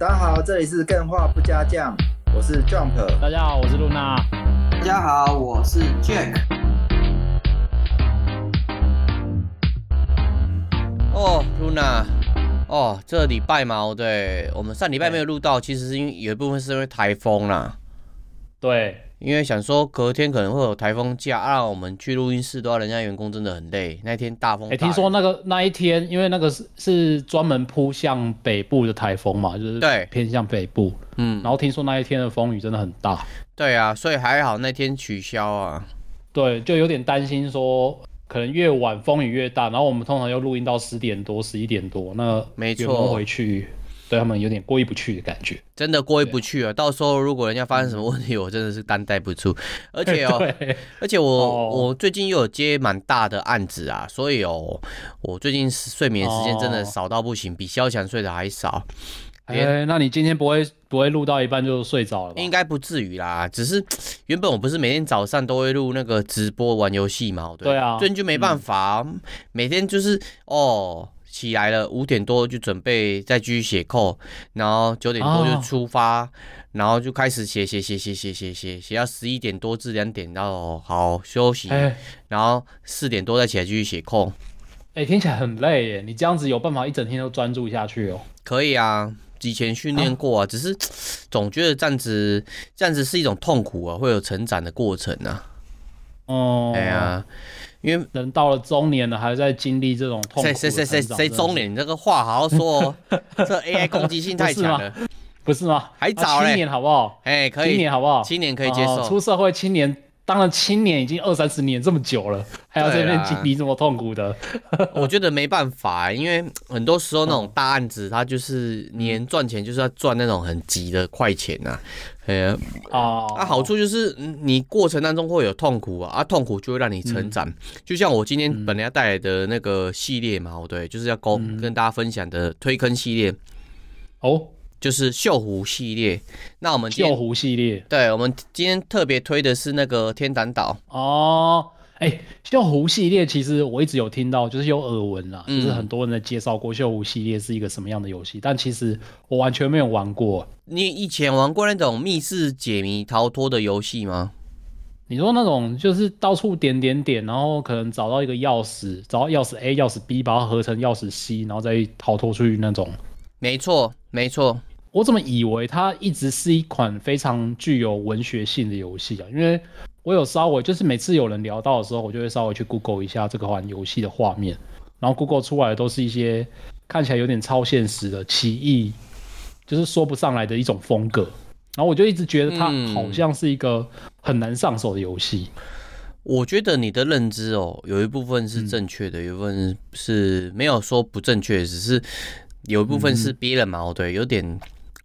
大家好，這裡是 GAME 話不加醬，我是 Jump。大家好，我是露娜。大家好，我是 Jack。哦，露娜，哦，這禮拜嘛，對，我們上禮拜沒有錄到，其實是因為有一部分是因為台風啦、啊。對。因為想說隔天可能會有颱風假，啊、讓我們去錄音室的話，人家員工真的很累。那天大風大雨，哎、欸，聽說那個那一天，因為那個是是專門撲向北部的颱風嘛，就是對偏向北部，嗯，然後聽說那一天的風雨真的很大，嗯。對啊，所以還好那天取消啊。對，就有點擔心說可能越晚風雨越大，然後我們通常要錄音到十點多，十一點多，那沒準回去。對他們有點過意不去的感覺，真的過意不去啊！到時候如果人家發生什麼問題，嗯、我真的是擔待不住。而且哦，而且我、哦、我最近又有接蠻大的案子啊，所以哦，我最近睡眠時間真的少到不行，哦、比蕭強睡得還少。哎、欸欸，那你今天不會不會錄到一半就睡着了吧？應該不至於啦，只是原本我不是每天早上都會錄那個直播玩遊戲嘛？對啊，最近就沒辦法，嗯、每天就是哦。起來了，五點多就準備再繼續寫控，然後九點多就出發，oh. 然後就開始寫寫寫寫寫寫寫，寫到十一點多至兩點到，好休息，hey. 然後四點多再起來繼續寫空。哎、hey,，聽起來很累耶，你這樣子有辦法一整天都專注下去哦？可以啊，以前訓練過啊，oh. 只是總覺得這樣子這樣子是一種痛苦啊，會有成長的過程啊。哦、oh. hey 啊，哎呀。因為人到了中年了，還在經歷這種痛苦的成長。誰誰誰誰中年這個話好好說哦， 這 AI 攻擊性太強了不，不是嗎？還早、啊、青年好不好？哎，可以，青年好不好？青年可以接受，啊、出社會青年，當了青年已經二三十年這麼久了，還要這邊經歷這麼痛苦的， 我覺得沒辦法、欸，因為很多時候那種大案子，他就是年賺錢就是要賺那種很急的快錢吶、啊。哎呀啊！啊，好處就是你過程當中會有痛苦啊，啊，痛苦就會讓你成長。嗯、就像我今天本來要帶來的那個系列嘛，嗯、對，就是要、嗯、跟大家分享的推坑系列，哦，就是鏽湖系列。那我們鏽湖系列，對，我們今天特別推的是那個天堂島哦。哎、欸，鏽湖系列其實我一直有聽到，就是有耳聞啦，就、嗯、是很多人在介紹過鏽湖系列是一個什麼樣的遊戲，但其實我完全沒有玩過。你以前玩過那種密室解謎逃脫的遊戲嗎？你說那種就是到處點點點，然後可能找到一個鑰匙，找到鑰匙 A、鑰匙 B，把它合成鑰匙 C，然後再逃脫出去那種？沒錯，沒錯。我怎麼以為它一直是一款非常具有文學性的遊戲啊？因為我有稍微就是每次有人聊到的時候，我就會稍微去 Google 一下這個玩遊戲的畫面，然後 Google 出來的都是一些看起來有點超現實的、奇異，就是說不上來的一種風格。然後我就一直覺得它好像是一個很難上手的遊戲、嗯。我覺得你的認知哦，有一部分是正確的、嗯，有一部分是沒有說不正確，只是有一部分是逼人嘛哦，對，有點。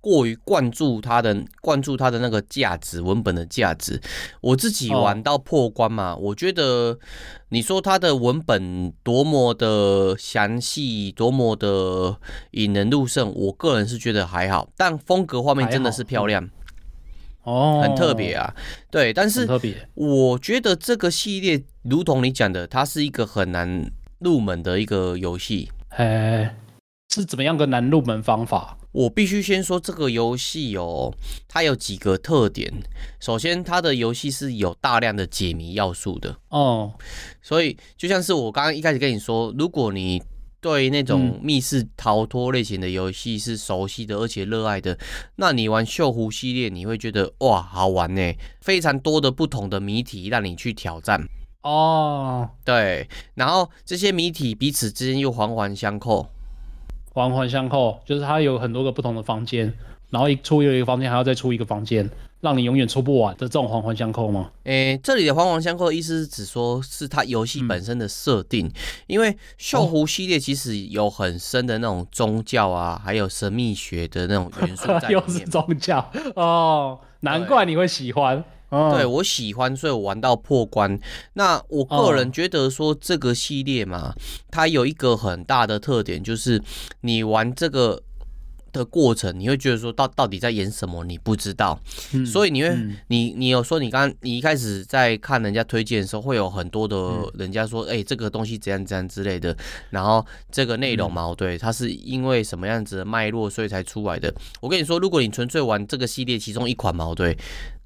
過於關注它的，關注它的那個價值，文本的價值，我自己玩到破關嘛，oh. 我覺得你說它的文本多麼的詳細，多麼的引人入勝，我個人是覺得還好，但風格畫面真的是漂亮，哦、嗯，很特別啊，oh. 對，但是我覺得這個系列如同你講的，它是一個很難入門的一個遊戲，哎、hey. 是怎麼樣個難入門方法？我必須先說這個遊戲有、哦、它有幾個特點。首先，它的遊戲是有大量的解謎要素的哦。Oh. 所以，就像是我剛剛一開始跟你說，如果你對那種密室逃脫類型的遊戲是熟悉的，而且熱愛的，嗯，那你玩鏽湖系列，你會覺得哇，好玩呢，非常多的不同的謎題讓你去挑戰哦。Oh. 對，然後這些謎題彼此之間又環環相扣。環環相扣，就是它有很多個不同的房間，然後一出有一,一個房間，還要再出一個房間，讓你永遠出不完的這種環環相扣嗎？誒、欸，這裡的環環相扣意思是指說是它遊戲本身的設定、嗯，因為《鏽湖》系列其實有很深的那種宗教啊，哦、還有神秘學的那種元素在裡面 又是宗教哦，難怪你會喜歡。對我喜歡，所以我玩到破關。那我個人覺得說這個系列嘛，oh. 它有一個很大的特點，就是你玩這個的過程，你會覺得說到到底在演什麼，你不知道、嗯。所以你會，嗯、你你有說你剛你一開始在看人家推薦的時候，會有很多的人家說，哎、嗯欸，這個東西怎樣怎樣之類的。然後這個內容嘛，對、嗯，它是因為什麼樣子的脈絡，所以才出來的。我跟你說，如果你純粹玩這個系列其中一款嘛，對。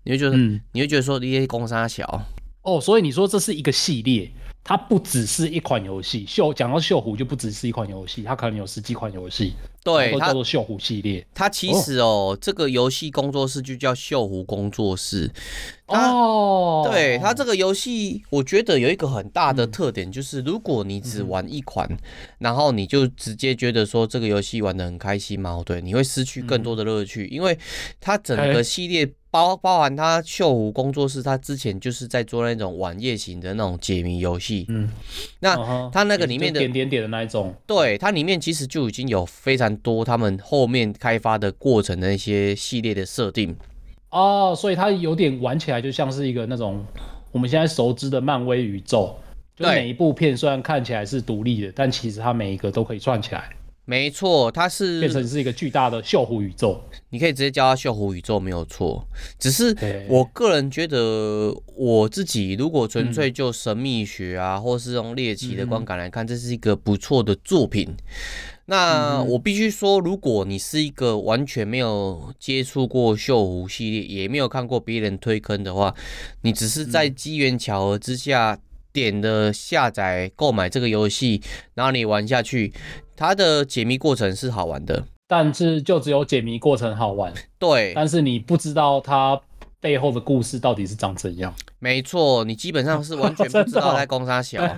你會覺得、嗯，你會覺得說你工，這些攻沙小哦，所以你說這是一個系列，它不只是一款遊戲。繡講到鏽湖就不只是一款遊戲，它可能有十幾款遊戲。對，它叫做鏽湖系列，它，它其實、喔、哦，這個遊戲工作室就叫鏽湖工作室。哦，對，它這個遊戲，我覺得有一個很大的特點，嗯、就是如果你只玩一款、嗯，然後你就直接覺得說這個遊戲玩得很開心嘛，對，你會失去更多的樂趣、嗯，因為它整個系列包包含它鏽湖工作室，它之前就是在做那種網頁型的那種解謎遊戲。嗯，那、啊、它那個裡面的點點點的那一種，對，它裡面其實就已經有非常。多他們後面開發的過程的一些系列的設定啊，oh, 所以它有點玩起來就像是一個那種我們現在熟知的漫威宇宙，對，就是、每一部片雖然看起來是獨立的，但其實它每一個都可以串起來。沒錯，它是變成是一個巨大的鏽湖宇宙，你可以直接叫它鏽湖宇宙沒有錯。只是我個人覺得，我自己如果純粹就神秘學啊，嗯、或是用獵奇的觀感來看，嗯、這是一個不錯的作品。那我必須說，如果你是一個完全沒有接觸過《鏽湖》系列，也沒有看過別人推坑的話，你只是在機緣巧合之下點了下載、購買這個遊戲，然後你玩下去，它的解謎過程是好玩的，但是就只有解謎過程好玩。對，但是你不知道它背後的故事到底是長怎樣。沒錯，你基本上是完全不知道在供三小。哎、 哦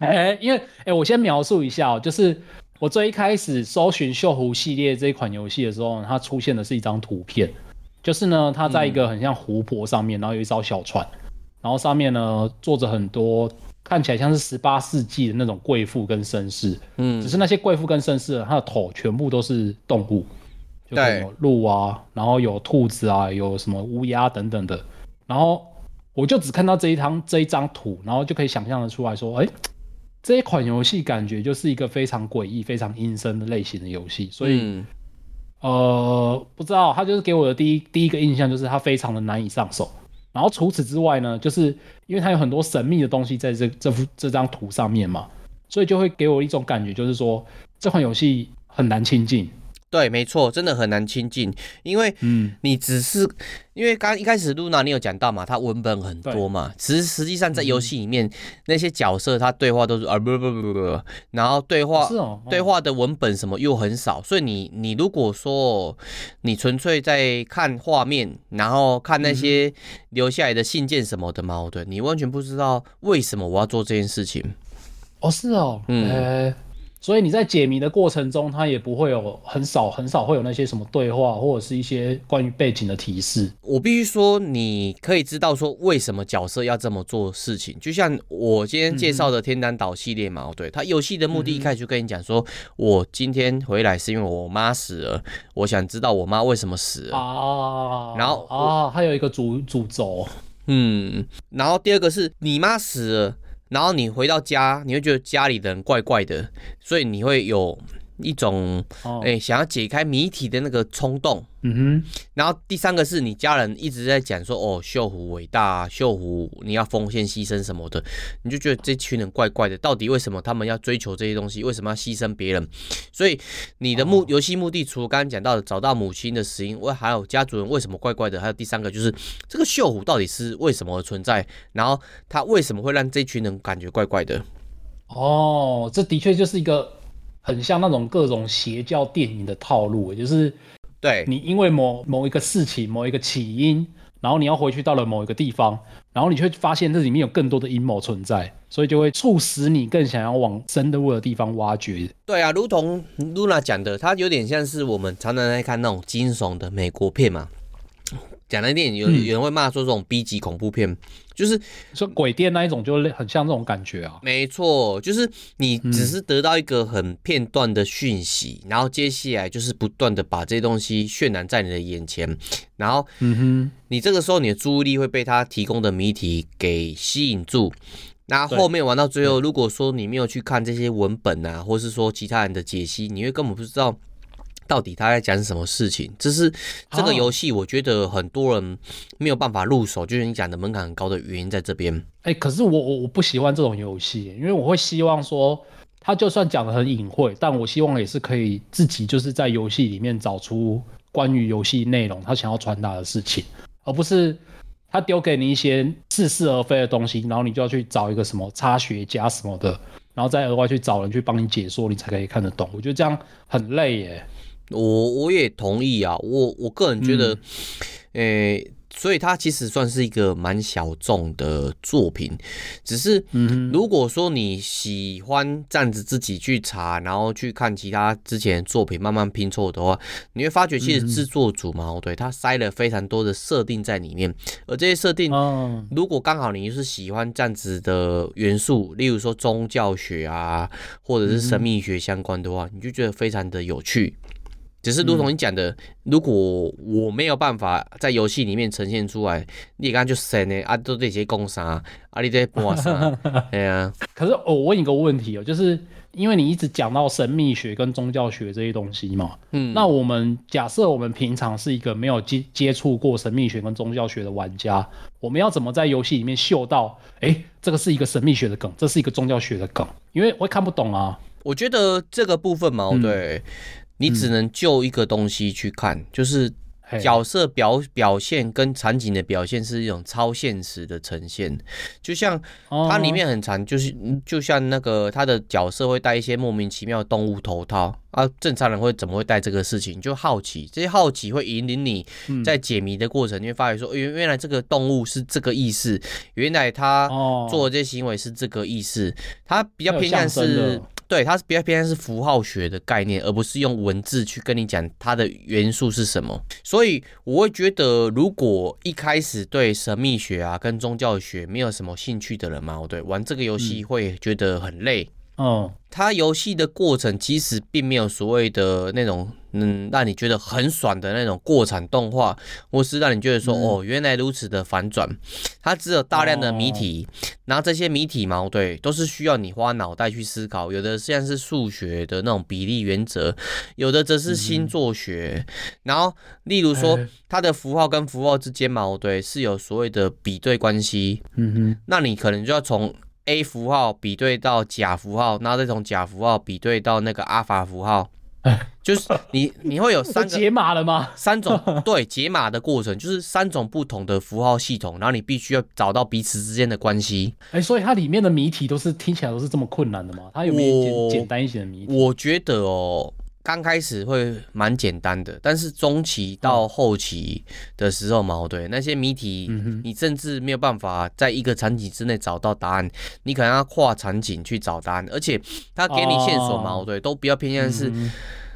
欸欸，因為哎、欸，我先描述一下哦，就是。我最一開始搜尋《鏽湖》系列這一款遊戲的時候，它出現的是一張圖片，就是呢，它在一個很像湖泊上面，嗯、然後有一艘小船，然後上面呢坐着很多看起來像是十八世紀的那種貴婦跟紳士，嗯，只是那些貴婦跟紳士，他的頭全部都是動物，對，鹿啊，然後有兔子啊，有什麼烏鴉等等的，然後我就只看到這一張這一張圖，然後就可以想象得出來說，哎、欸。這一款遊戲感覺就是一個非常詭異、非常陰森的類型的遊戲，所以，嗯，呃，不知道它就是給我的第一第一個印象就是它非常的難以上手。然後除此之外呢，就是因為它有很多神秘的東西在這這幅這張圖上面嘛，所以就會給我一種感覺，就是說這款遊戲很難親近。對，沒錯，真的很難親近，因為，嗯，你只是，嗯、因為剛一開始露娜你有講到嘛，它文本很多嘛，其實實際上在遊戲裡面、嗯、那些角色他對話都是啊不不不不，然後對話是哦、嗯，對話的文本什麼又很少，所以你你如果說你純粹在看畫面，然後看那些留下來的信件什麼的嘛，哦對，你完全不知道為什麼我要做這件事情，哦是哦，嗯。欸所以你在解謎的過程中，他也不會有很少很少會有那些什麼對話，或者是一些關於背景的提示。我必須說，你可以知道說為什麼角色要這麼做事情。就像我今天介紹的《天堂島》系列嘛，嗯、對，他遊戲的目的一開始就跟你講說、嗯，我今天回來是因為我媽死了，我想知道我媽為什麼死了啊。然後啊，還有一個主主軸，嗯，然後第二個是你媽死了。然後你回到家，你會覺得家裡的人怪怪的，所以你會有。一種哎、欸，想要解開謎題的那個衝動，嗯哼。然後第三個是你家人一直在講說，哦，鏽湖偉大，鏽湖你要奉獻犧牲什麼的，你就覺得這群人怪怪的。到底為什麼他們要追求這些東西？為什麼要犧牲別人？所以你的目遊戲目的，除了剛剛講到的找到母親的死因，為還有家族人為什麼怪怪的？還有第三個就是這個鏽湖到底是為什麼存在？然後他為什麼會讓這群人感覺怪怪的？哦，這的確就是一個。很像那種各種邪教電影的套路，就是對你因為某某一個事情，某一個起因，然後你要回去到了某一個地方，然後你會發現這裡面有更多的陰謀存在，所以就會促使你更想要往深入的地方挖掘。對啊，如同 Runa 講的，它有點像是我們常常在看那種驚悚的美國片嘛。講那電影有，有，嗯、有人會罵說這種 B 級恐怖片。就是說鬼店那一種，就是很像這種感覺啊。沒錯，就是你只是得到一個很片段的訊息、嗯，然後接下來就是不斷的把這些東西渲染在你的眼前，然後，嗯哼，你這個時候你的注意力會被他提供的謎題給吸引住。那後，後面玩到最後，如果說你沒有去看這些文本啊、嗯，或是說其他人的解析，你會根本不知道。到底他在講什麼事情？就是這個遊戲，我覺得很多人沒有辦法入手，就是你講的門檻很高的原因在這邊。誒、欸，可是我我我不喜歡這種遊戲，因為我會希望說，他就算講得很隱晦，但我希望也是可以自己就是在遊戲裡面找出關於遊戲內容他想要傳達的事情，而不是他丟給你一些似是而非的東西，然後你就要去找一個什麼插學家什麼的，然後再額外去找人去幫你解說，你才可以看得懂。我覺得這樣很累耶。我我也同意啊，我我個人覺得，誒、嗯欸，所以它其實算是一個蠻小眾的作品，只是，如果說你喜歡這樣子自己去查，然後去看其他之前的作品慢慢拼湊的話，你會發覺其實製作組嘛，嗯、對，他塞了非常多的設定在裡面，而這些設定，如果剛好你就是喜歡這樣子的元素，例如說宗教學啊，或者是神祕學相關的話、嗯，你就覺得非常的有趣。只是如同你講的、嗯，如果我沒有辦法在遊戲裡面呈現出來，你剛剛就神呢啊，都這些攻殺啊，你這些破殺， 對啊。可是我問一個問題哦、喔，就是因為你一直講到神祕學跟宗教學這些東西嘛，嗯，那我們假設我們平常是一個沒有接接觸過神祕學跟宗教學的玩家，我們要怎麼在遊戲裡面嗅到，哎、欸，這個是一個神祕學的梗，這是一個宗教學的梗？因為我也看不懂啊。我覺得這個部分嘛，我對。嗯你只能就一個東西去看，嗯、就是角色表表現跟場景的表現是一種超現實的呈現。就像它裡面很長，就、嗯、是就像那個他的角色會戴一些莫名其妙的動物頭套啊，正常人會怎麼會戴這個事情？就好奇，這些好奇會引領你在解謎的過程，你、嗯、會發覺說，原、欸、原來這個動物是這個意思，原來他做的這些行為是這個意思，他比較偏向是。對，它是比較偏向是符號學的概念，而不是用文字去跟你講它的元素是什麼。所以我會覺得，如果一開始對神秘學啊跟宗教學沒有什麼興趣的人嘛，我對玩這個遊戲會覺得很累。嗯。哦，它遊戲的過程其實並沒有所謂的那種，嗯，讓你覺得很爽的那種過場動畫，或是讓你覺得說、嗯、哦，原來如此的反轉。它只有大量的謎題，然、哦、後這些謎題嘛，對，都是需要你花腦袋去思考。有的現在是數學的那種比例原則，有的則是星座學、嗯。然後，例如說它的符號跟符號之間嘛，對，是有所謂的比對關係。嗯哼，那你可能就要從。A 符號比對到假符號，然後這種假符號比對到那個阿法符號， 就是你你會有三個解碼了嗎？ 三種對解碼的過程，就是三種不同的符號系統，然後你必須要找到彼此之間的關係。哎、欸，所以它裡面的謎題都是聽起來都是這麼困難的嗎？它有沒有簡簡單一些的謎題？我覺得哦。剛開始會蠻簡單的，但是中期到後期的時候嘛，我、嗯、對那些謎題、嗯，你甚至沒有辦法在一個場景之內找到答案，你可能要跨場景去找答案，而且他給你線索嘛，我、哦、對都比較偏向的是、嗯，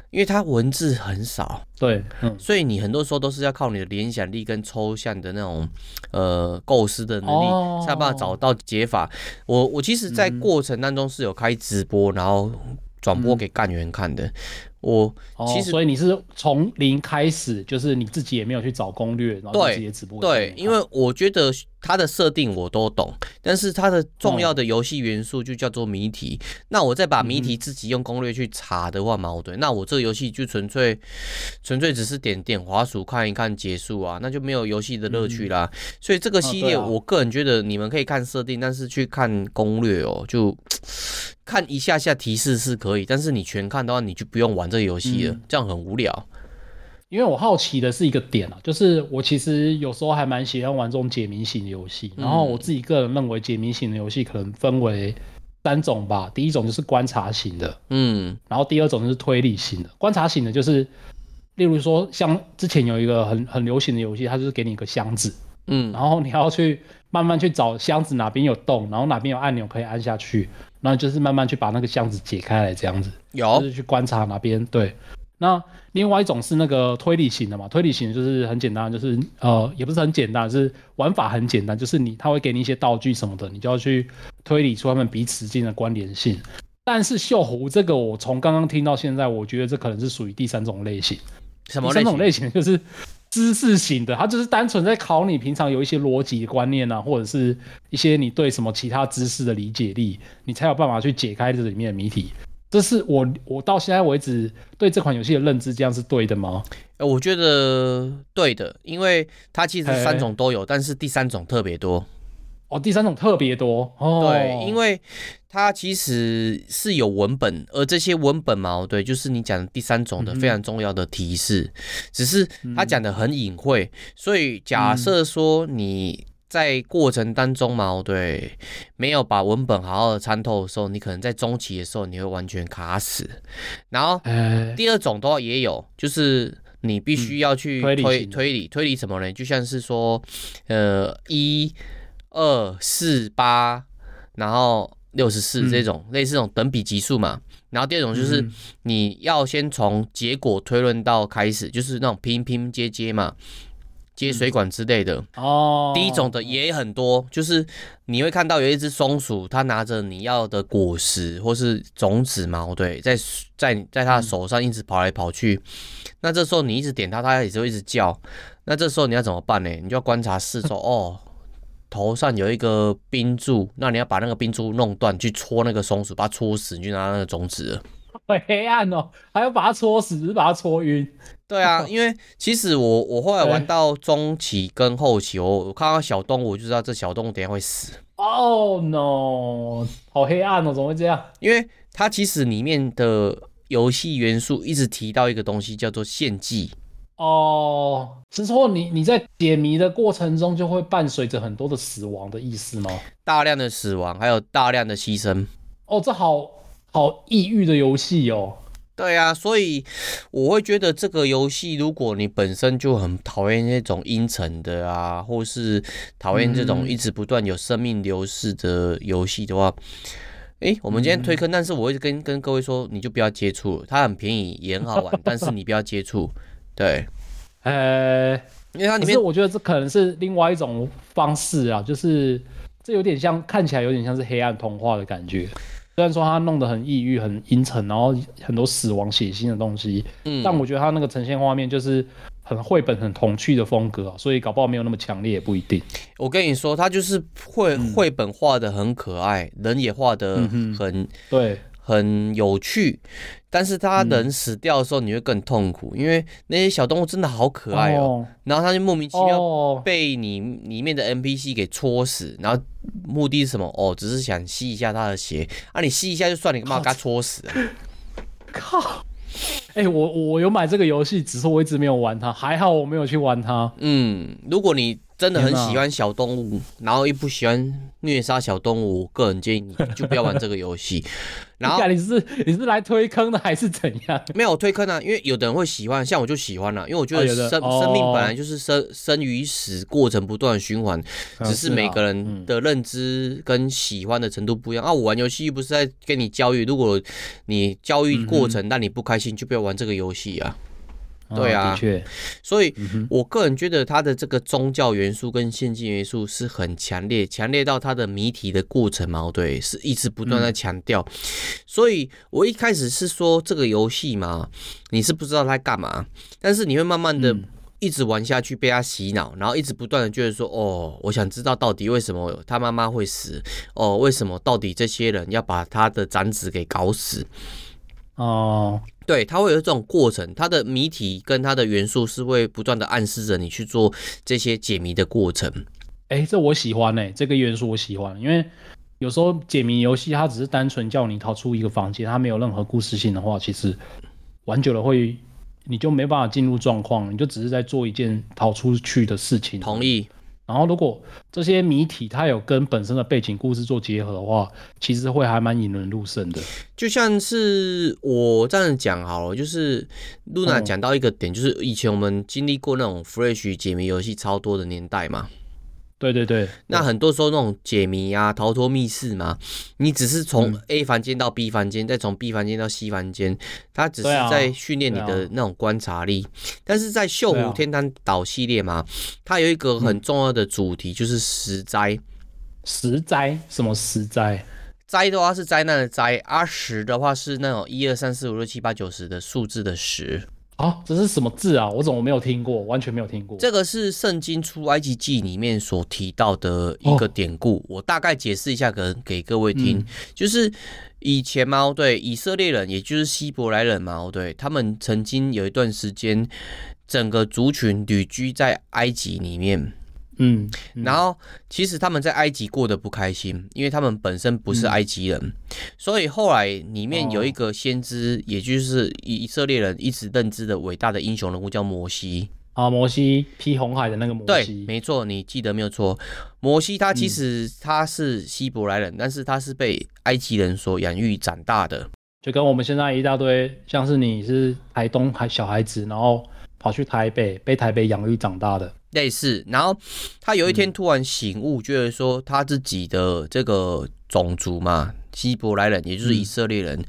因為它文字很少，對、嗯，所以你很多時候都是要靠你的聯想力跟抽象的那種呃構思的能力，哦、才有辦法找到解法。我我其實，在過程當中是有開直播，嗯、然後轉播給幹員看的。嗯嗯我其實、Oh,，所以你是從零開始，就是你自己也沒有去找攻略，然後自己也直播。對，因為我覺得它的設定我都懂，但是它的重要的遊戲元素就叫做謎題、嗯。那我再把謎題自己用攻略去查的話，對，矛、嗯、盾。那我這個遊戲就純粹純粹只是點點滑鼠看一看結束啊，那就沒有遊戲的樂趣啦、嗯。所以這個系列，我個人覺得你們可以看設定、嗯，但是去看攻略哦、喔，就看一下下提示是可以，但是你全看的話，你就不用玩。這個遊戲的這樣很無聊，因為我好奇的是一個點啊，就是我其實有時候還蠻喜歡玩這種解謎型的遊戲，嗯。然後我自己個人認為，解謎型的遊戲可能分為三種吧。第一種就是觀察型的，嗯，然後第二種就是推理型的。觀察型的就是，例如說像之前有一個很很流行的遊戲，它就是給你一個箱子。嗯，然後你要去慢慢去找箱子哪邊有洞，然後哪邊有按鈕可以按下去，那就是慢慢去把那個箱子解開來這樣子。有，就是去觀察哪邊對。那另外一種是那個推理型的嘛，推理型就是很簡單，就是呃、嗯、也不是很簡單，是玩法很簡單，就是你他會給你一些道具什麼的，你就要去推理出他們彼此間的關聯性。但是鏽湖這個，我從剛剛聽到現在，我覺得這可能是屬於第三種類型。什麼類型？第三種類型就是。知識型的，它就是單純在考你平常有一些邏輯觀念啊，或者是一些你對什麼其他知識的理解力，你才有辦法去解開這裡面的謎題。這是我我到現在為止對這款遊戲的認知，這樣是對的嗎？呃，我覺得對的，因為它其實三種都有，欸，但是第三種特別多。哦，第三種特別多，哦，對，因為。它其實是有文本，而這些文本嘛，對，就是你講的第三種的非常重要的提示，嗯、只是它講的很隱晦，所以假設說你在過程當中嘛，對，沒有把文本好好的參透的時候，你可能在中期的時候你會完全卡死。然後、欸、第二種的話也有，就是你必須要去推、嗯、推理推理，推理什麼呢？就像是說，呃，一二四八，然後，六十四這種、嗯、類似這種等比級數嘛，然後第二種就是你要先從結果推論到開始、嗯，就是那種拼拼接接嘛，接水管之類的、嗯。哦。第一種的也很多，就是你會看到有一隻松鼠，它拿着你要的果實或是種子嘛，對，在在在它手上一直跑來跑去，嗯、那這時候你一直點它，它也就一直叫。那這時候你要怎麼辦呢？你就要觀察四周哦。呵呵頭上有一個冰柱，那你要把那個冰柱弄斷，去戳那個松鼠，把它戳死，你就拿那個種子了。好黑暗哦，還要把它戳死，是把它戳暈。對啊，因為其實我我後來玩到中期跟後期，我看到小動物我就知道這小動物等下會死。Oh no！好黑暗哦，怎麼會這樣？因為它其實裡面的遊戲元素一直提到一個東西，叫做獻祭。哦，是說你你在解謎的過程中就會伴隨着很多的死亡的意思嗎？大量的死亡，還有大量的犧牲。哦，這好好抑鬱的遊戲哦。對啊，所以我會覺得這個遊戲，如果你本身就很討厭那種陰沉的啊，或是討厭這種一直不斷有生命流逝的遊戲的話，哎、嗯欸，我們今天推坑、嗯，但是我會跟跟各位說，你就不要接觸，它很便宜也很好玩， 但是你不要接觸。對，呃，因為它裡面，其實我覺得這可能是另外一種方式啊，就是這有點像，看起來有點像是黑暗童話的感覺。雖然說它弄得很抑鬱、很陰沉，然後很多死亡、血腥的東西，嗯，但我覺得它那個呈現畫面就是很繪本、很童趣的風格啊，所以搞不好沒有那麼強烈也不一定。我跟你說，它就是繪繪本畫的很可愛，嗯、人也畫的很、嗯、對。很有趣，但是它等死掉的時候你會更痛苦、嗯，因為那些小動物真的好可愛、喔、哦。然後它就莫名其妙被你裡面的 NPC 給戳死、哦，然後目的是什麼？哦，只是想吸一下它的血啊！你吸一下就算，你幹嘛給它戳死？靠！哎、欸，我我有買這個遊戲，只是我一直沒有玩它。還好我沒有去玩它。嗯，如果你。真的很喜歡小動物，有有然後又不喜歡虐殺小動物，我個人建議你就不要玩這個遊戲。 然後你是你是來推坑的還是怎樣？沒有推坑啊，因為有的人會喜歡，像我就喜歡了、啊，因為我覺得生、哦、生命本來就是生、哦、生與死過程不斷循環，只是每個人的認知跟喜歡的程度不一樣。啊，嗯、啊，我玩遊戲又不是在跟你教育，如果你教育過程、嗯、但你不開心，就不要玩這個遊戲啊。對啊，哦、的確，所以我個人覺得他的這個宗教元素跟獻祭元素是很強烈，強烈到他的謎題的過程嘛，對，是一直不斷在強調、嗯。所以我一開始是說這個遊戲嘛，你是不知道他在幹嘛，但是你會慢慢的一直玩下去，被他洗腦、嗯，然後一直不斷的覺得說，哦，我想知道到底為什麼他媽媽會死，哦，為什麼到底這些人要把他的長子給搞死，哦。對，它會有這種過程，它的謎題跟它的元素是會不斷的暗示着你去做這些解謎的過程。欸，這我喜歡欸，這個元素我喜歡，因為有時候解謎遊戲它只是單純叫你逃出一個房間，它沒有任何故事性的話，其實玩久了會你就沒辦法進入狀況，你就只是在做一件逃出去的事情。同意。然後，如果這些謎題它有跟本身的背景故事做結合的話，其實會還蠻引人入勝的。就像是我這樣講好了，就是 Runa 講到一個點，嗯、就是以前我們經歷過那種 Flash 解謎遊戲超多的年代嘛。對對對，那很多時候那種解謎啊、逃脫密室嘛，你只是從 A 房間到 B 房間，嗯，再從 B 房間到 C 房間，它只是在訓練你的那種觀察力。啊啊、但是在鏽湖天堂島系列嘛，它有一個很重要的主題就是十災。十、嗯、災？什麼十災？災的話是災難的災，而、啊、十的話是那種一二三四五六七八九十的數字的十。啊，這是什麼字啊？我怎麼沒有聽過？完全沒有聽過。這個是聖經出埃及記裡面所提到的一個典故。哦、我大概解釋一下給，給給各位聽。嗯、就是以前嘛，哦對以色列人，也就是希伯來人嘛，哦對他們曾經有一段時間，整個族群旅居在埃及裡面。嗯,嗯，然後其實他們在埃及過得不開心，因為他們本身不是埃及人，嗯、所以後來裡面有一個先知，哦、也就是以以色列人一直認知的偉大的英雄人物叫摩西啊，摩西劈紅海的那個摩西。對，沒錯，你記得沒有錯，摩西他其實他是希伯來人、嗯，但是他是被埃及人所養育長大的，就跟我們現在一大堆像是你是台東海小孩子，然後跑去台北被台北養育長大的。類似，然後他有一天突然醒悟，覺得說，他自己的這個種族嘛，希伯來人，也就是以色列人，嗯，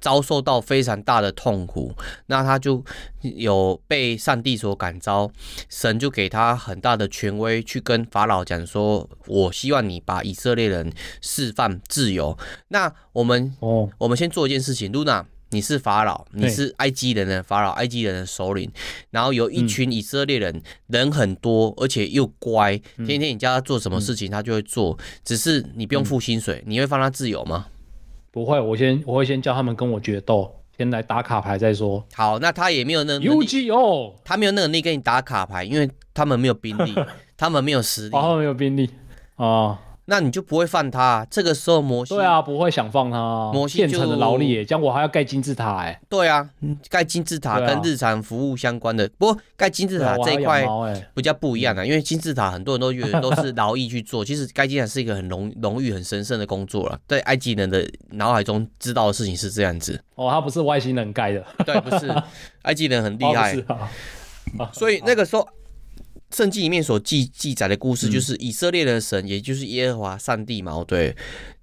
遭受到非常大的痛苦，那他就有被上帝所感召，神就給他很大的權威去跟法老講說，我希望你把以色列人釋放自由。那我們，哦，我們先做一件事情，露娜。Runa，你是法老，你是埃及人的法老，埃及人的首領。然後有一群以色列人，嗯、人很多，而且又乖，嗯、天天你叫他做什麼事情，他就會做、嗯。只是你不用付薪水、嗯，你會放他自由嗎？不會，我先我會先叫他們跟我決鬥，先來打卡牌再說。好，那他也沒有那個能力哦，他沒有那個能力跟你打卡牌，因為他們沒有兵力， 他們沒有實力，哦、啊。他們沒有兵力、啊那你就不會放他、啊？這個時候魔對啊，不會想放他。魔係就正勞力，講我還要蓋金字塔哎。對啊，蓋、嗯、金字塔跟日常服務相關的。不過蓋金字塔這一塊比較不一樣的、啊啊，因為金字塔很多人都覺得都是勞役去做， 其實蓋金字塔是一個很榮榮譽、很神聖的工作了，在埃及人的腦海中知道的事情是這樣子。哦，他不是外星人蓋的。 對，不是埃及人很厲害。所以那個時候。聖經裡面所記記載的故事，就是以色列的神，嗯、也就是耶和華上帝嘛，對，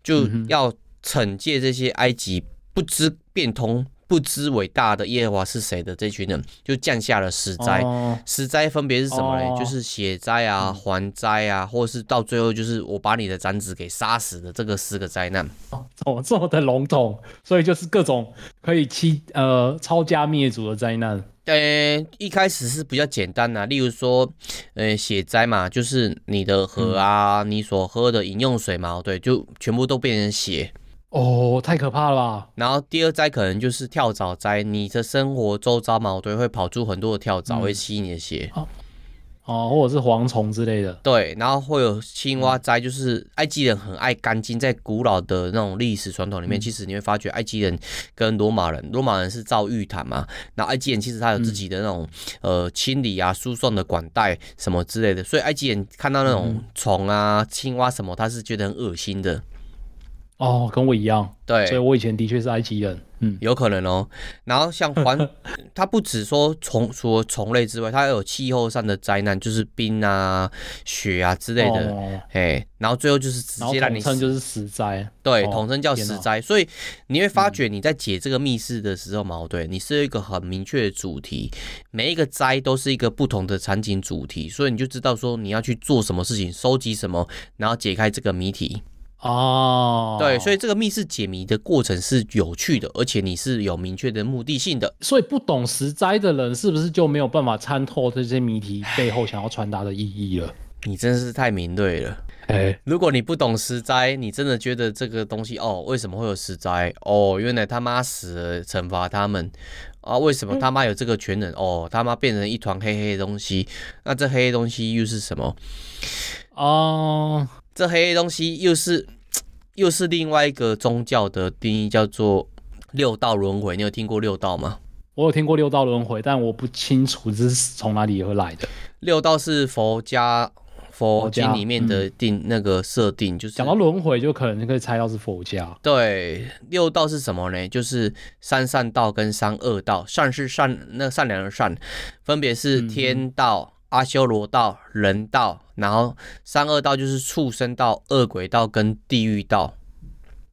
就要懲戒這些埃及不知變通、不知偉大的耶和華是誰的這群人，就降下了十災。哦。十災分別是什麼呢？哦、就是血災啊、蝗災啊，嗯、或是到最後就是我把你的長子給殺死的這個四個災難。哦，怎麼這麼的籠統？所以就是各種可以欺呃抄家滅族的災難。呃、欸，一開始是比較簡單啦，例如說，呃、欸，血災嘛，就是你的河啊，嗯、你所喝的飲用水嘛，對，就全部都變成血，哦，太可怕了。然後第二災可能就是跳蚤災，你的生活周遭嘛，對，會跑出很多的跳蚤，嗯、會吸你的血。哦。哦，或者是蝗蟲之類的，對，然後會有青蛙災，就是埃及人很愛乾淨，在古老的那種歷史傳統裡面，嗯、其實你會發覺埃及人跟羅馬人，羅馬人是造浴堂嘛，那埃及人其實他有自己的那種、嗯、呃清理啊、輸送的管帶什麼之類的，所以埃及人看到那種蟲啊、嗯、青蛙什麼，他是覺得很惡心的。哦，跟我一樣，對，所以我以前的確是埃及人，嗯，有可能哦。然後像環， 它不止說蟲，除了蟲類之外，它還有氣候上的災難，就是冰啊、雪啊之類的，哎、哦，然後最後就是直接讓你死，統稱就是死災，對，哦、統稱叫死災、啊。所以你會發覺你在解這個密室的時候，嘛、嗯，對，你是一個很明確的主題，每一個災都是一個不同的場景主題，所以你就知道說你要去做什麼事情，收集什麼，然後解開這個謎題。哦、oh,，對，所以這個密室解謎的過程是有趣的，而且你是有明確的目的性的。所以不懂十災的人是不是就沒有辦法參透這些謎題背後想要傳達的意義了？ 你真是太敏銳了。Hey. 如果你不懂十災，你真的覺得這個東西哦，為什麼會有十災？哦，原來他媽死了，懲罰他們啊？為什麼他媽有這個權能、嗯？哦，他媽變成一團黑黑的東西，那這黑黑東西又是什麼？哦、oh.。這黑黑東西又是又是另外一個宗教的定義，叫做六道輪迴。你有聽過六道嗎？我有聽過六道輪迴，但我不清楚這是從哪裡而來的。六道是佛家佛經裡面的定、嗯、那個設定，就是講到輪迴，就可能就可以猜到是佛家。對，六道是什麼呢？就是三善道跟三惡道。善是善，那善良的善，分別是天道。嗯阿修羅道、人道，然後三惡道就是畜生道、惡鬼道跟地獄道。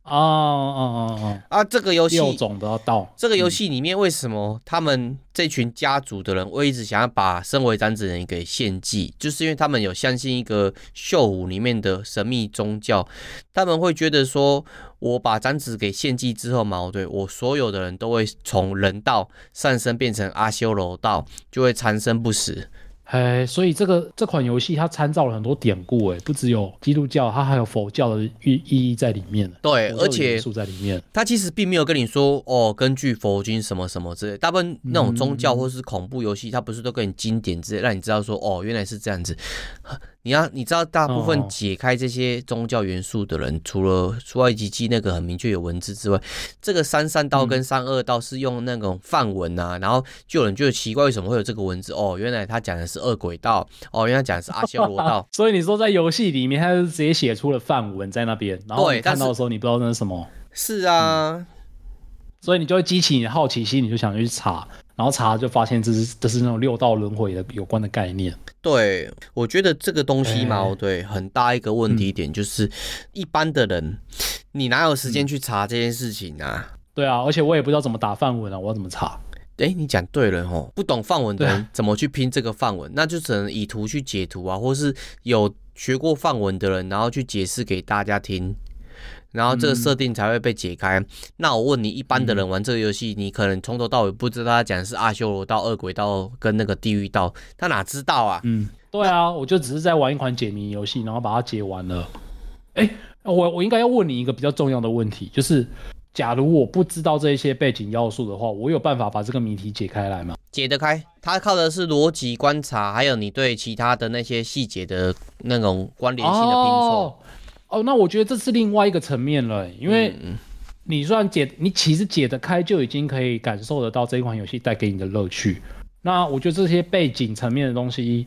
哦哦哦哦！啊，這個遊戲六種都要到。這個遊戲裡面，為什麼他們這群家族的人會一直想要把身為長子的人給獻祭？就是因為他們有相信一個鏽湖裡面的神秘宗教，他們會覺得說，我把長子給獻祭之後嘛，我對我所有的人都會從人道上升變成阿修羅道，就會長生不死。哎、hey，所以這個這款遊戲它參照了很多典故，欸，哎,不只有基督教，它還有佛教的意意義在裡面對裡面，而且在裡面，它其實並沒有跟你說哦，根據佛經什麼什麼之類。大部分那種宗教或是恐怖遊戲，它不是都跟你經典之類，嗯，讓你知道說哦，原來是這樣子。 你要、啊、你知道，大部分解開這些宗教元素的人，哦、除了除出埃及記那個很明確有文字之外，這個三善道跟三惡道是用那種梵文啊、嗯。然後就有人覺得奇怪，為什麼會有這個文字？哦，原來他講的是惡鬼道。哦，原來講的是阿修羅道。 所以你說在遊戲裡面，他就直接寫出了梵文在那邊，然後看到的時候，你不知道那是什麼是、嗯。是啊，所以你就會激起你的好奇心，你就想去查。然後查就發現這是這是那種六道輪迴的有關的概念。對，我覺得這個東西嘛、欸，對，很大一個問題點就是、嗯，一般的人，你哪有時間去查這件事情啊、嗯？對啊，而且我也不知道怎麼打梵文啊，我要怎麼查？哎、欸，你講對了哦，不懂梵文的人怎麼去拼這個梵文？啊、那就只能以圖去解讀啊，或是有學過梵文的人，然後去解釋給大家聽。然後這個設定才會被解開。嗯、那我問你，一般的人玩這個遊戲，嗯、你可能從頭到尾不知道他講的是阿修羅道、惡鬼道跟那個地獄道，他哪知道啊？嗯，對啊，我就只是在玩一款解謎遊戲，然後把它解完了。哎，我我應該要問你一個比較重要的問題，就是，假如我不知道這一些背景要素的話，我有辦法把這個謎題解開來嗎？解得開，它靠的是邏輯觀察，還有你對其他的那些細節的那種關聯性的拼湊。哦。哦，那我覺得這是另外一個層面了，因為你算解，你其實解得開，就已經可以感受得到這一款遊戲帶給你的樂趣。那我覺得這些背景層面的東西，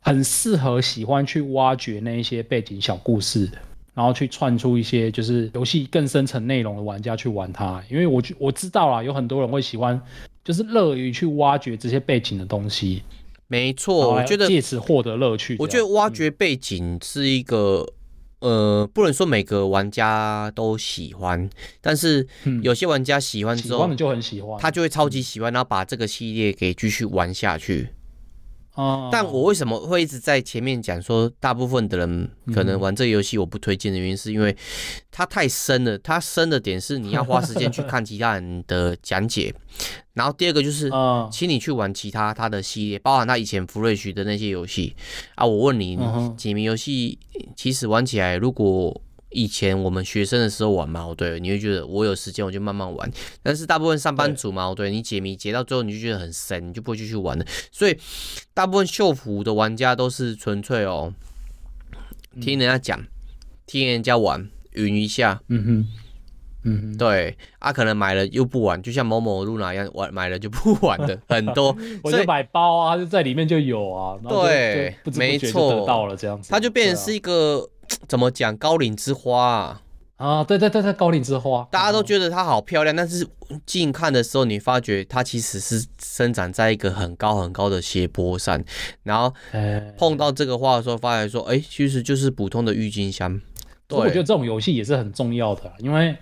很適合喜歡去挖掘那一些背景小故事，然後去串出一些就是遊戲更深層內容的玩家去玩它，因為我我知道啦，有很多人會喜歡，就是樂於去挖掘這些背景的東西。沒錯，我覺得借此獲得樂趣，我覺得，我覺得挖掘背景是一個。呃，不能說每個玩家都喜歡，但是有些玩家喜歡之後，嗯、就很喜歡，他就會超級喜歡，然後把這個系列給繼續玩下去。哦，但我為什麼會一直在前面講說，大部分的人可能玩這個遊戲我不推薦的原因，是因為它太深了。它深的點是你要花時間去看其他人的講解， 然後第二個就是， 請你去玩其他他的系列，包含他以前 Flash 的那些遊戲啊。我問你， 解謎遊戲其實玩起來如果。以前我們學生的時候玩嘛，對，你會覺得我有時間我就慢慢玩。但是大部分上班族嘛，對，對你解謎解到最後你就覺得很深，你就不會繼續玩了。所以大部分鏽湖的玩家都是純粹哦，聽人家講，嗯、聽人家玩，雲一下。嗯哼，嗯哼，對啊，可能買了又不玩，就像某某露娜一樣，玩買了就不玩的 很多。我就買包啊，就在裡面就有啊。對，沒錯，到了這樣子，他就變成是一個。怎麼講？高嶺之花啊，啊！對對對對，高嶺之花，大家都覺得它好漂亮，嗯、但是近看的時候，你發覺它其實是生長在一個很高很高的斜坡上。然後碰到這個花的時候，發覺說，哎、欸欸，其實就是普通的鬱金香。對，我覺得這種遊戲也是很重要的，啊，因為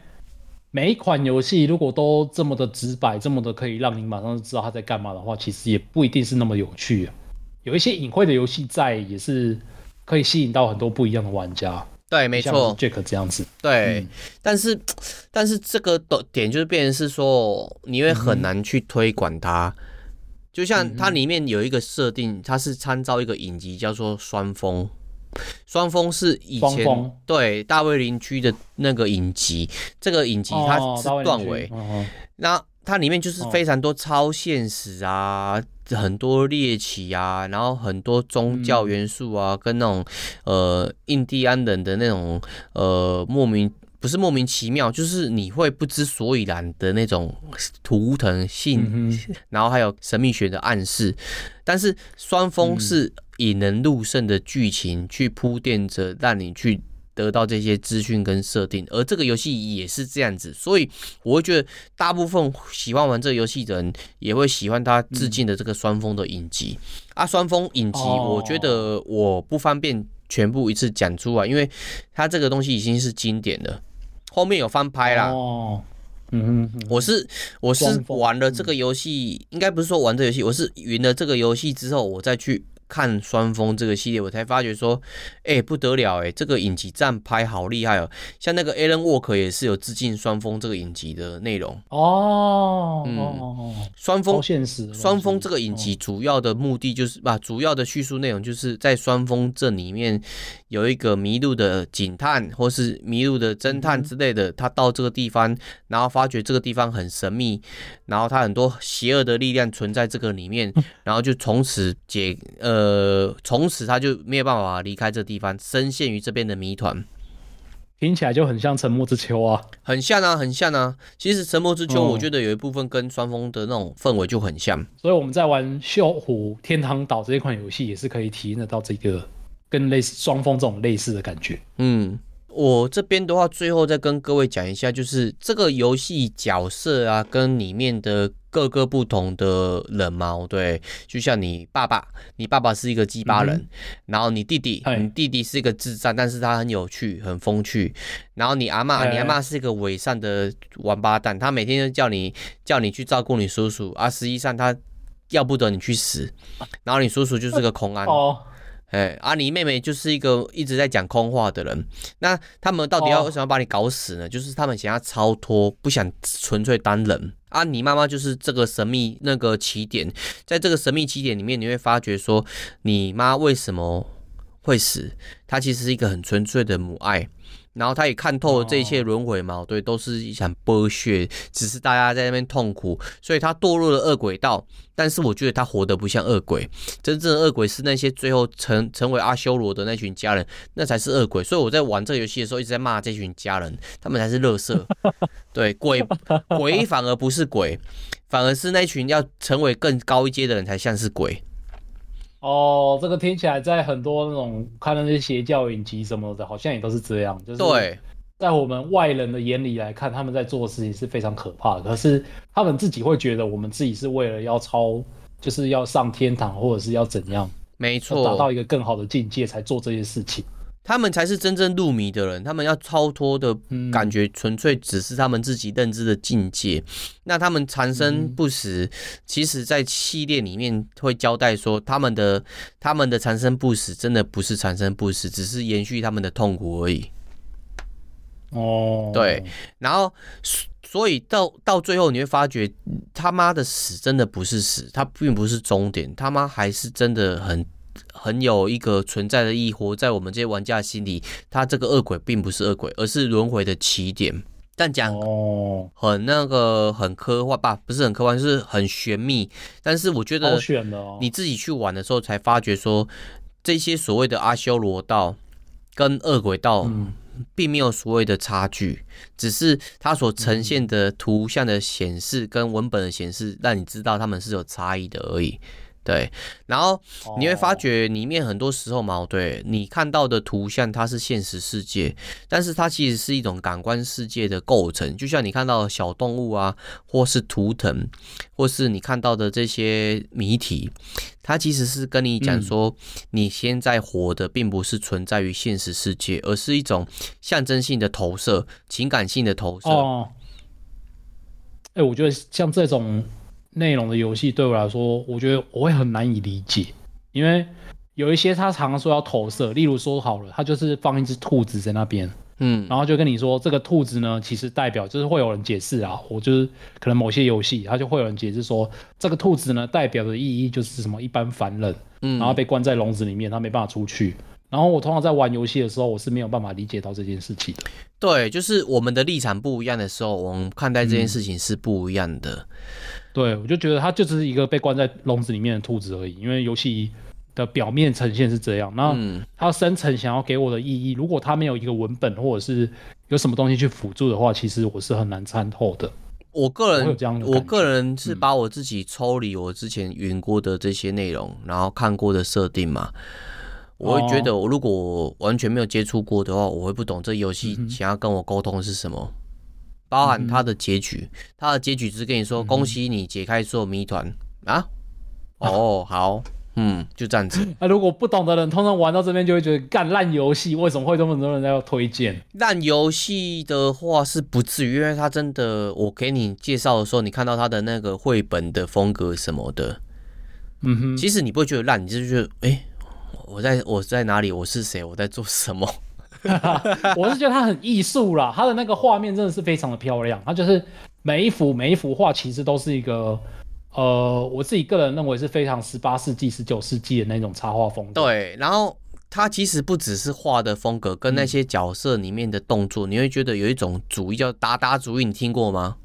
每一款遊戲如果都這麼的直白，這麼的可以讓你馬上就知道它在幹嘛的話，其實也不一定是那麼有趣啊。有一些隱晦的遊戲在也是，可以吸引到很多不一樣的玩家，對，沒錯，Jack 這樣子，對、嗯。但是，但是這個點就是變成是說，你會很難去推廣它、嗯。就像它裡面有一個設定，它是參照一個影集，叫做風《雙峰》。雙峰是以前對大衛林區的那個影集，這個影集它是斷尾、哦，那它裡面就是非常多超現實啊。哦很多獵奇啊，然後很多宗教元素啊，嗯、跟那種呃印第安人的那種呃莫名，不是莫名其妙，就是你會不知所以然的那種圖騰性，嗯、然後還有神秘學的暗示。但是雙峰是引人入勝的劇情、嗯、去鋪墊着，讓你去。得到這些資訊跟設定，而這個遊戲也是這樣子，所以我會覺得大部分喜歡玩這個遊戲的人也會喜歡他致敬的這個《雙峰》的影集、嗯、啊，《雙峰》影集，我覺得我不方便全部一次講出來，哦、因為它這個東西已經是經典的，後面有翻拍啦。哦，嗯哼哼，我是我是玩了這個遊戲，應該不是說玩這個遊戲，我是雲了這個遊戲之後，我再去。看雙峰這個系列，我才發覺說，哎、欸、不得了哎、欸，這個影集站拍好厲害哦、喔。像那個 Alan Wake 也是有致敬雙峰這個影集的內容哦。嗯，雙峰，雙峰這個影集主要的目的就是吧、啊，主要的敘述內容就是在雙峰這裡面。有一個迷路的警探，或是迷路的偵探之類的，他到這個地方，然後發覺這個地方很神秘，然後他很多邪惡的力量存在這個裡面，然後就從此解呃，從此他就沒有辦法離開這個地方，深陷於這邊的謎團。聽起來就很像《沉默之丘》啊，很像啊，很像啊。其實《沉默之丘》，我覺得有一部分跟雙峰的那種氛圍就很像。嗯。所以我們在玩《鏽湖天堂島》這一款遊戲，也是可以體驗得到這個。跟類似雙峰這種類似的感覺。嗯，我這邊的話，最後再跟各位講一下，就是這個遊戲角色啊，跟裡面的各個不同的人嘛，對，就像你爸爸，你爸爸是一個雞巴人，嗯，然後你弟弟，你弟弟是一個智障，但是他很有趣，很風趣。然後你阿嬤，欸，你阿嬤是一個偽善的王八蛋，他每天就叫你叫你去照顧你叔叔，啊，實際上他要不得你去死。啊，然後你叔叔就是個空安。哦哎，阿狸妹妹就是一個一直在講空話的人。那他們到底要為什麼把你搞死呢？Oh. 就是他們想要超脫，不想純粹當人。阿狸媽媽就是這個神秘那個起點，在這個神秘起點裡面，你會發覺說，你媽為什麼會死？她其實是一個很純粹的母愛。然後他也看透了這一切輪迴嘛，對，都是一場剝削，只是大家在那邊痛苦，所以他墮入了惡鬼道。但是我覺得他活得不像惡鬼，真正的惡鬼是那些最後成成為阿修羅的那群家人，那才是惡鬼。所以我在玩這個遊戲的時候一直在罵這群家人，他們才是垃圾，對，鬼鬼反而不是鬼，反而是那群要成為更高一階的人才像是鬼。哦，這個聽起來在很多那種看那些邪教影集什麼的，好像也都是這樣。對、就是，在我們外人的眼裡來看，他們在做的事情是非常可怕的。可是他們自己會覺得，我們自己是為了要超，就是要上天堂或者是要怎樣，沒錯，達到一個更好的境界才做這些事情。他們才是真正入迷的人，他們要超脫的感覺，純粹只是他們自己認知的境界。嗯、那他們長生不死，嗯、其實在系列裡面會交代說他，他們的他們的長生不死，真的不是長生不死，只是延續他們的痛苦而已。哦，對，然後所以到到最後，你會發覺他媽的死真的不是死，他並不是終點，他媽還是真的很。很有一個存在的意義，活在我們這些玩家心裡，他這個惡鬼並不是惡鬼，而是輪迴的起點。但講哦，很那個很科幻吧，不是很科幻，就是很玄祕。但是我覺得你自己去玩的時候才發覺說，說這些所謂的阿修羅道跟惡鬼道並沒有所謂的差距，只是它所呈現的圖像的顯示跟文本的顯示讓你知道它們是有差異的而已。對，然後你會發覺裡面很多時候矛盾、哦。對，你看到的圖像，它是現實世界，但是它其實是一種感官世界的構成。就像你看到的小動物啊，或是圖騰，或是你看到的這些謎題，它其實是跟你講說，你現在活的並不是存在於現實世界，嗯，而是一種象徵性的投射、情感性的投射。哦，哎，我覺得像這種。內容的遊戲對我來說，我覺得我會很難以理解，因為有一些他常說要投射，例如說好了，他就是放一隻兔子在那邊，嗯，然後就跟你說這個兔子呢，其實代表就是會有人解釋啊，我就是可能某些遊戲，他就會有人解釋說這個兔子呢代表的意義就是什麼一般凡人，嗯，然後被關在籠子裡面，他沒辦法出去。然後我通常在玩遊戲的時候，我是沒有辦法理解到這件事情的。對，就是我們的立場不一樣的時候，我們看待這件事情是不一樣的。嗯。對，我就覺得它就只是一個被關在籠子裡面的兔子而已，因為遊戲的表面呈現是這樣。那它深層想要給我的意義，嗯，如果它沒有一個文本或者是有什麼東西去輔助的話，其實我是很難參透的。我個人我，我個人是把我自己抽離我之前云過的這些內容，嗯，然後看過的設定嘛，我會覺得我如果完全沒有接觸過的話，我會不懂這遊戲想要跟我溝通是什麼。嗯包含它的結局，它、嗯、的結局只是跟你說恭喜你解開所有謎團啊！哦、oh, 啊，好，嗯，就這樣子。那、啊、如果不懂的人，通常玩到這邊就會覺得幹爛遊戲，為什麼會這麼多人在要推薦？爛遊戲的話是不至於，因為它真的，我給你介紹的時候，你看到它的那個繪本的風格什麼的，嗯哼，其實你不會覺得爛，你就是覺得，哎、欸，我在我在哪裡，我是誰，我在做什麼。 我是覺得它很藝術啦，它的那個畫面真的是非常的漂亮。它就是每一幅每一幅畫其實都是一個，呃，我自己個人認為是非常十八世紀、十九世紀的那種插畫風格。對，然後它其實不只是畫的風格，跟那些角色裡面的動作，嗯、你會覺得有一種主義叫達達主義，你聽過嗎？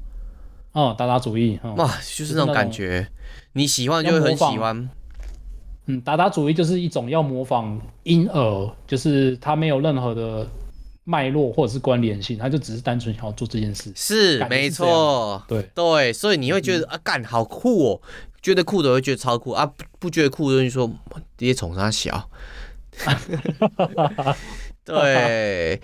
哦、嗯，達達主義、嗯，哇，就是那種感覺，就是、你喜歡就會很喜歡。嗯，達達主義就是一種要模仿嬰兒，就是他沒有任何的脈絡或者是關聯性，他就只是單純想要做這件事。是，是沒錯。對對，所以你會覺得、嗯、啊，幹好酷哦、喔，覺得酷的會覺得超酷啊，不覺得酷的就說，就是說爹接寵他小。 對。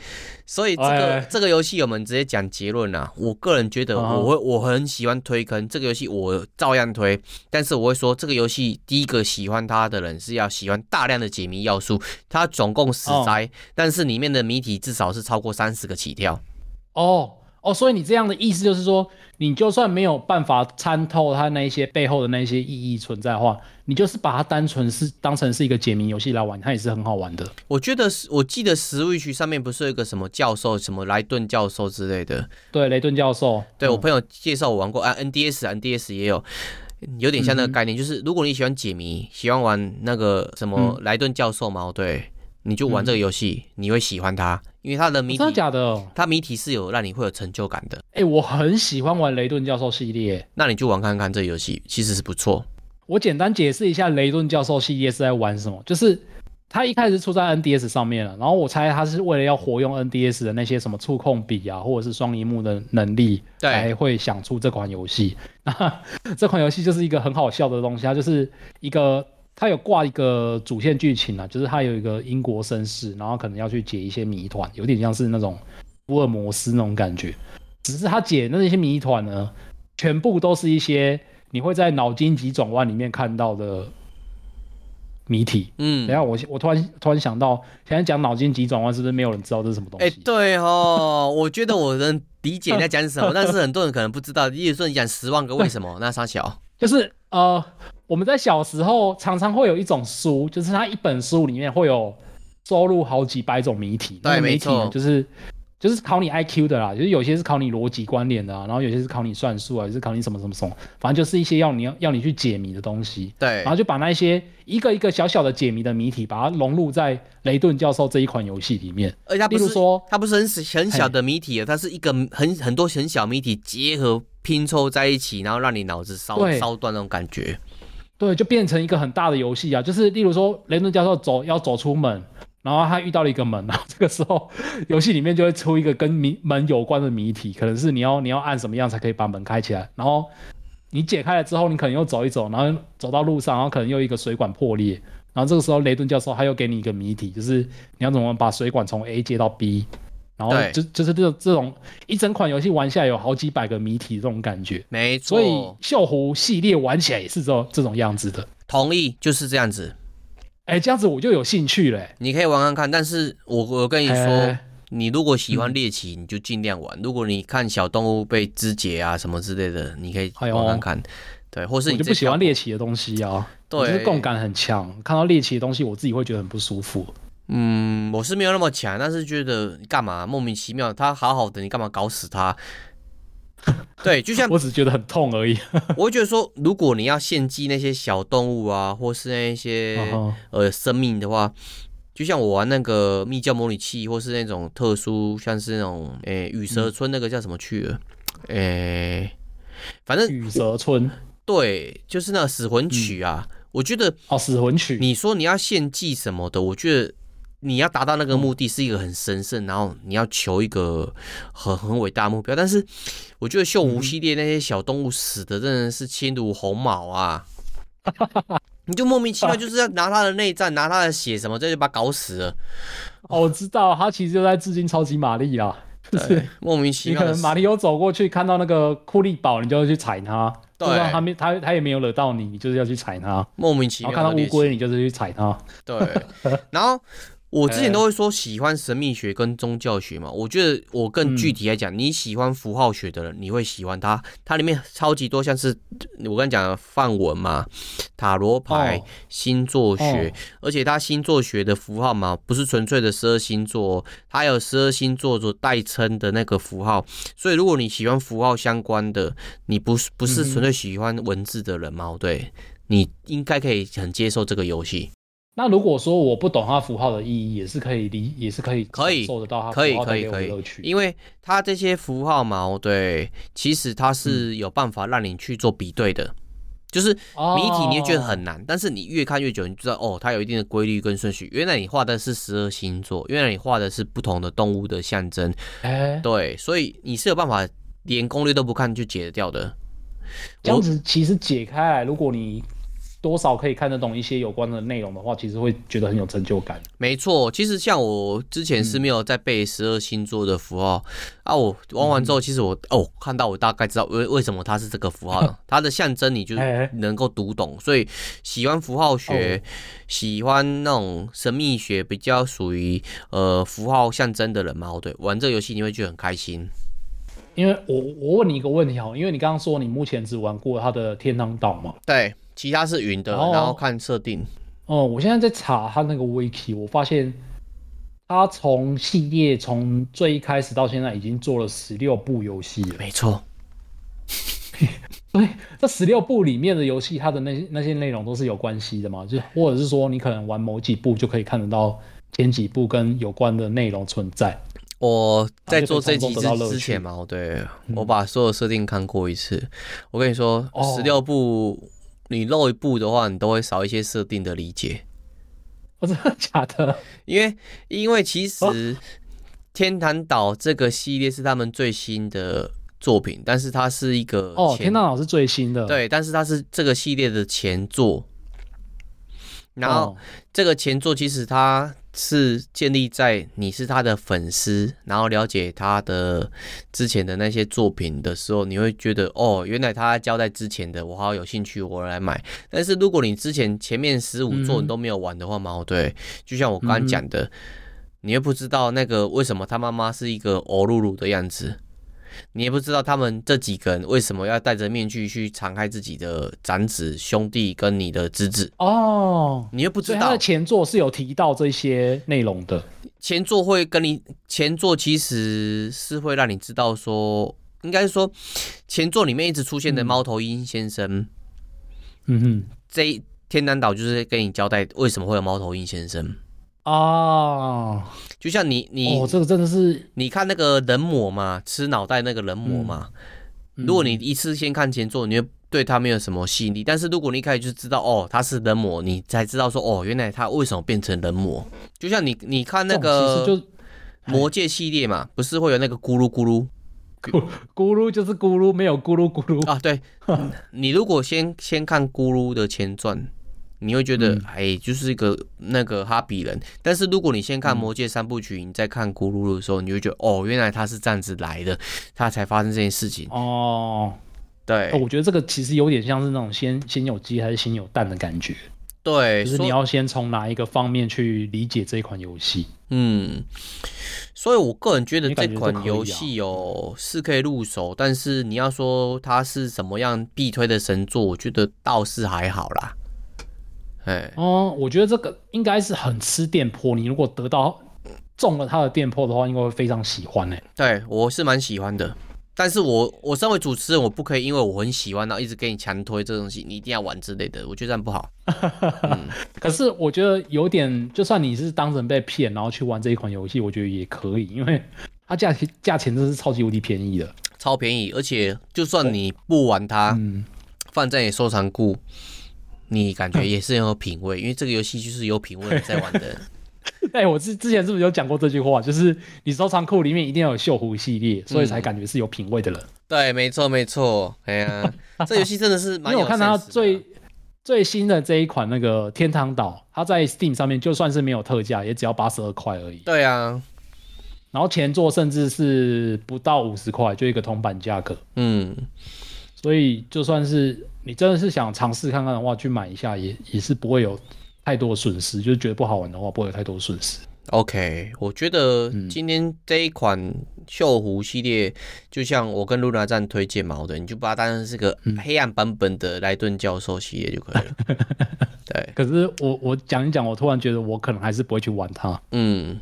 所以這個哎哎哎這個遊戲，我們直接講結論啊。我個人覺得，我會我很喜歡推坑這個遊戲，我照樣推。但是我會說，這個遊戲第一個喜歡它的人是要喜歡大量的解謎要素。它總共十災，哦，但是裡面的謎題至少是超過三十個起跳。哦。哦、oh，所以你這樣的意思就是說，你就算沒有辦法參透它那一些背後的那一些意義存在的話，你就是把它單純是當成是一個解謎遊戲來玩，它也是很好玩的。我覺得，我記得 Switch 上面不是有一個什麼教授，什麼萊頓教授之類的？對，雷頓教授。對，我朋友介紹我玩過、嗯、啊，NDS NDS 也有，有點像那個概念、嗯，就是如果你喜歡解謎，喜歡玩那個什麼萊頓教授嘛、嗯，對。你就玩這個遊戲、嗯，你會喜歡它，因為它的謎題真的假的，它謎題是有讓你會有成就感的。哎、欸，我很喜歡玩雷頓教授系列，那你就玩看看這遊戲，其實是不錯。我簡單解釋一下雷頓教授系列是在玩什麼，就是它一開始出在 NDS 上面了，然後我猜它是為了要活用 NDS 的那些什麼觸控筆啊，或者是雙熒幕的能力，才會想出這款遊戲。 這款遊戲就是一個很好笑的東西，它就是一個。他有掛一個主線劇情啊，就是他有一個英國紳士，然後可能要去解一些謎團，有點像是那種福爾摩斯那種感覺。只是他解那些謎團呢，全部都是一些你會在腦筋急轉彎裡面看到的謎題。嗯，然後我我突然突然想到，現在講腦筋急轉彎是不是沒有人知道這是什麼東西？哎、欸，對哦，我覺得我能理解 你在講什麼，但是很多人可能不知道。例如說你講十萬個為什麼，那三小。就是呃，我們在小時候常常會有一種書，就是它一本書裡面會有收錄好幾百種謎題。對，謎題，就是就是考你 IQ 的啦，就是有些是考你邏輯關聯的啊，然後有些是考你算術啊，就是考你什麼什麼什麼，反正就是一些要你要要你去解謎的東西。對，然後就把那些一個一個小小的解謎的謎題，把它融入在雷頓教授這一款遊戲裡面。而且不是，例如說，他不是很很小的謎題，他是一個很很多很小謎題結合。拼湊在一起，然後讓你腦子燒燒斷那種感覺，對，就變成一個很大的遊戲啊！就是例如說，雷頓教授走要走出門，然後他遇到了一個門，然後這個時候遊戲裡面就會出一個跟謎門有關的謎題，可能是你要你要按什麼樣才可以把門開起來，然後你解開了之後，你可能又走一走，然後走到路上，然後可能又一個水管破裂，然後這個時候雷頓教授他又給你一個謎題，就是你要怎麼把水管從 A 接到 B。然後就就是這種這種一整款遊戲玩下來有好幾百個謎題這種感覺，沒錯。所以鏽湖系列玩起來也是這這種樣子的。同意，就是這樣子。哎、欸，這樣子我就有興趣了、欸。你可以玩玩看、看，但是我我跟你說、欸，你如果喜歡獵奇、嗯，你就盡量玩；如果你看小動物被肢解啊什麼之類的，你可以玩玩看、看、哎。對，或是你就不喜歡獵奇的東西啊？對，就是共感很強、欸，看到獵奇的東西，我自己會覺得很不舒服。嗯，我是沒有那麼強，但是覺得幹嘛莫名其妙？他好好的，你幹嘛搞死他？ 對，就像我只覺得很痛而已。 我會覺得說，如果你要獻祭那些小動物啊，或是那些、uh -huh. 呃生命的話，就像我玩那個《密教模擬器》，或是那種特殊，像是那種誒、欸、雨蛇村那個叫什麼去了？誒、嗯欸，反正雨蛇村對，就是那個死魂曲啊。嗯、我覺得哦，死魂曲，你說你要獻祭什麼的？我覺得。你要達到那個目的是一個很神聖，然後你要求一個很很偉大的目標，但是我覺得《鏽湖》系列那些小動物死的真的是輕如鴻毛啊！ 你就莫名其妙就是要拿他的內臟 拿他的血什麼，這就把他搞死了。我、 哦、知道他其實就在致敬超級瑪麗啊，就是、莫名其妙的。你可能馬里奧走過去看到那個庫利寶，你就要去踩他，對，他沒他他也沒有惹到你，你就是要去踩他。莫名其妙看到烏龜，你就是去踩它。對， 然後。我之前都會說喜歡神秘學跟宗教學嘛，我覺得我更具體來講，你喜歡符號學的人，你會喜歡它，它裡面超級多像是我剛講的梵文嘛，塔羅牌、星座學，而且它星座學的符號嘛，不是純粹的十二星座哦，它有十二星座做代稱的那個符號，所以如果你喜歡符號相關的，你不是不是純粹喜歡文字的人嘛，對，你應該可以很接受這個遊戲。那如果說我不懂它符號的意義，也是可以理，也是可以可以，得到它符號的樂趣。因為它這些符號嘛，對，其實它是有辦法讓你去做比對的。嗯、就是謎題你也覺得很難、哦，但是你越看越久，你知道哦，它有一定的規律跟順序。原來你畫的是十二星座，原來你畫的是不同的動物的象徵。哎、欸，對，所以你是有辦法連攻略都不看就解得掉的。這樣子其實解開來，如果你，多少可以看得懂一些有關的內容的話，其實會覺得很有成就感。沒錯，其實像我之前是沒有在背十二星座的符號、嗯、啊，我玩完之後，其實我、嗯、哦看到我大概知道為為什麼它是這個符號， 它的象徵你就能夠讀懂嘿嘿。所以喜歡符號學、哦、喜歡那種神秘學、比較屬於呃符號象徵的人嘛，對，玩這個遊戲你會覺得很開心。因為我我問你一個問題哈，因為你剛剛說你目前只玩過它的天堂島嘛？對。其他是雲的，然後看設定。哦、嗯，我現在在查他那個 Wiki，我發現他從系列、從最一開始到現在已經做了十六部遊戲了。沒錯。 對，那十六部裡面的遊戲，它的那那些內容都是有關係的嘛？就或者是說，你可能玩某幾部就可以看得到前幾部跟有關的內容存在。我在做這集之前嘛，對、嗯、我把所有設定看過一次。我跟你說，十、哦、六部。你漏一步的話，你都會少一些設定的理解。我真的假的？因為因為其實《天堂島》這個系列是他們最新的作品，但是它是一個哦，《天堂島》是最新的。對，但是它是這個系列的前作。然後這個前作其實它是建立在你是他的粉絲，然後了解他的之前的那些作品的時候，你會覺得哦，原來他交代之前的，我好有興趣，我來買。但是如果你之前前面十五作你都沒有玩的話、嗯，嘛，對，就像我剛剛講的、嗯，你又不知道那個為什麼他媽媽是一個歐露露的樣子。你也不知道他們這幾個人為什麼要戴着面具去敞開自己的長子兄弟跟你的侄子哦，oh, 你又不知道前作是有提到這些內容的，前作會跟你前作其實是會讓你知道說，應該是說前作裡面一直出現的貓頭鷹先生，嗯哼，這天堂島就是跟你交代為什麼會有貓頭鷹先生。哦、oh，就像你你哦，這個真的是你看那個人魔嘛，吃腦袋那個人魔嘛，嗯。如果你一次先看前作，你會對他沒有什麼吸引力，嗯。但是如果你一開始就知道哦，他是人魔，你才知道說哦，原來他為什麼變成人魔。就像你你看那個就魔戒系列嘛，不是會有那個咕嚕咕嚕 咕咕嚕就是咕嚕沒有咕嚕咕嚕 啊對，嗯。你如果先先看咕嚕的前傳。你會覺得，哎、嗯欸，就是一個那個哈比人。但是如果你先看《魔戒》三部曲，嗯、你再看《咕嚕》的時候，你就會覺得，哦，原來他是這樣子來的，他才發生這件事情。哦，對，哦、我覺得這個其實有點像是那種先先有雞還是先有蛋的感覺。對，就是你要先從哪一個方面去理解這一款遊戲。嗯，所以我個人覺得這款遊戲是可以、啊、入手，但是你要說它是什麼樣必推的神作，我覺得倒是還好啦。哎、嗯，哦、嗯，我覺得這個應該是很吃電波。你如果得到中了他的電波的話，應該會非常喜歡、欸。哎，對我是蠻喜歡的。但是我我身為主持人，我不可以因為我很喜歡，然後一直給你強推這東西，你一定要玩之類的。我覺得這樣不好。 嗯、可是我覺得有點，就算你是當成被騙，然後去玩這一款遊戲，我覺得也可以，因為它價價錢真的是超級無敵便宜的，超便宜。而且就算你不玩它，哦嗯、放在你收藏庫。你感覺也是很有品味， 因為這個遊戲就是有品味在玩的人。哎、 欸，我之之前是不是有講過這句話？就是你收藏庫裡面一定要有《鏽湖》系列、嗯，所以才感覺是有品味的人。對，沒錯，沒錯。哎呀、啊， 這遊戲真的是蠻有。我看他最最新的這一款那個《天堂島》，它在 Steam 上面就算是沒有特價，也只要八十二塊而已。對啊，然後前作甚至是不到五十塊，就一個銅板價格。嗯。所以，就算是你真的是想嘗試看看的話，去買一下也也是不會有太多的損失。就是覺得不好玩的話，不會有太多的損失。OK，我覺得今天這一款鏽湖系列、嗯，就像我跟露娜站推薦矛的，你就把它當成是個黑暗版本的萊頓教授系列就可以了。嗯、 對。可是我我講一講，我突然覺得我可能還是不會去玩它。嗯。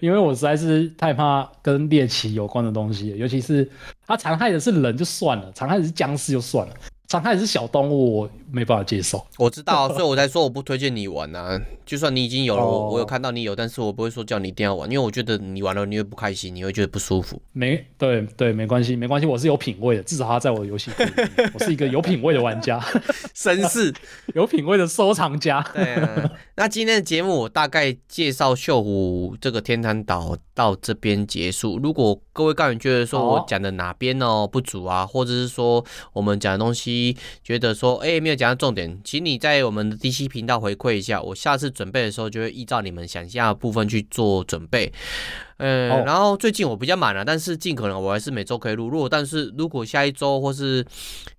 因為我實在是太怕跟獵奇有關的東西，尤其是他殘害的是人就算了，殘害的是僵屍就算了。傷害是小動物，我沒辦法接受。我知道、啊，所以我才說我不推薦你玩啊。 就算你已經有了，我我有看到你有，但是我不會說叫你一定要玩，因為我覺得你玩了你會不開心，你會覺得不舒服。沒對對，沒關係沒關係，我是有品味的，至少他在我的遊戲裡面， 我是一個有品味的玩家， 紳士， 有品味的收藏家。 對啊、那今天的節目我大概介紹鏽湖這個天堂島到這邊結束。如果各位觀眾覺得說我講的哪邊哦 不足啊，或者是說我們講的東西。覺得說，哎，沒有講到重點，請你在我們的 DC 頻道回饋一下，我下次準備的時候就會依照你們想要的部分去做準備。嗯、呃哦，然後最近我比較忙了、啊，但是盡可能我還是每周可以錄。如果但是如果下一周或是，誒、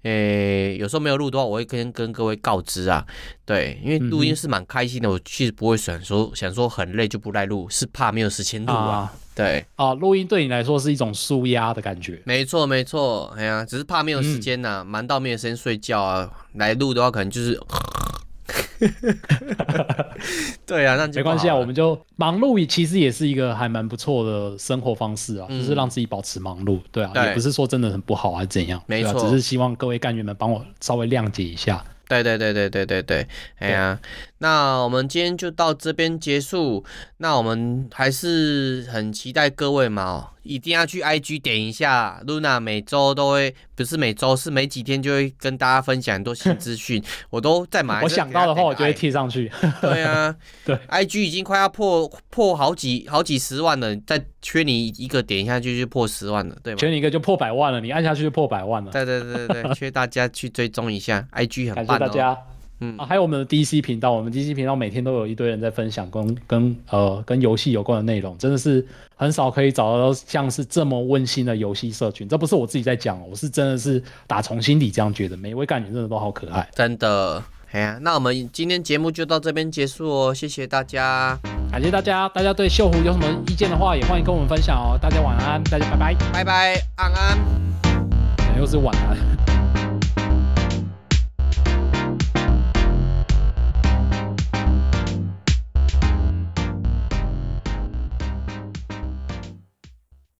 呃，有時候沒有錄的話，我會先跟，跟各位告知啊。對，因為錄音是蠻開心的，嗯、我其實不會選說想說很累就不來錄，是怕沒有時間錄啊。啊對啊，錄音對你來說是一種舒壓的感覺。沒錯，沒錯。哎呀、啊，只是怕沒有時間吶、啊，忙、嗯、到沒有時間睡覺啊。來錄的話，可能就是。 對啊，那沒關係啊。我們就忙碌，其實也是一個還蠻不錯的生活方式啊，就是讓自己保持忙碌。對啊，嗯、對啊對也不是說真的很不好啊，是怎樣？啊、沒錯，只是希望各位幹員們幫我稍微諒解一下。對對對對對對對，哎呀，啊，那我們今天就到這邊結束。那我們還是很期待各位嘛。一定要去 I G 點一下 Runa，每周都會不是每周，是每幾天就會跟大家分享很多新資訊。 我都在忙，我想到的話我就會貼上去。 對啊，對，I G 已經快要破破好幾好幾十萬了，再缺你一個點下去就破十萬了，對嗎？缺你一個就破百萬了，你按下去就破百萬了。對 對對對，缺大家去追蹤一下 I G，很棒的哦。感謝大家。嗯啊、還有我們的 DC 頻道，我們 DC 頻道每天都有一堆人在分享跟跟呃跟遊戲有關的內容，真的是很少可以找到像是這麼溫馨的遊戲社群。這不是我自己在講哦，我是真的是打從心底這樣覺得，每一位幹員真的都好可愛，真的。啊、那我們今天節目就到這邊結束哦，謝謝大家，感謝大家。大家對鏽湖有什麼意見的話，也歡迎跟我們分享哦。大家晚安，大家拜拜，拜拜，安安。哎、又是晚安。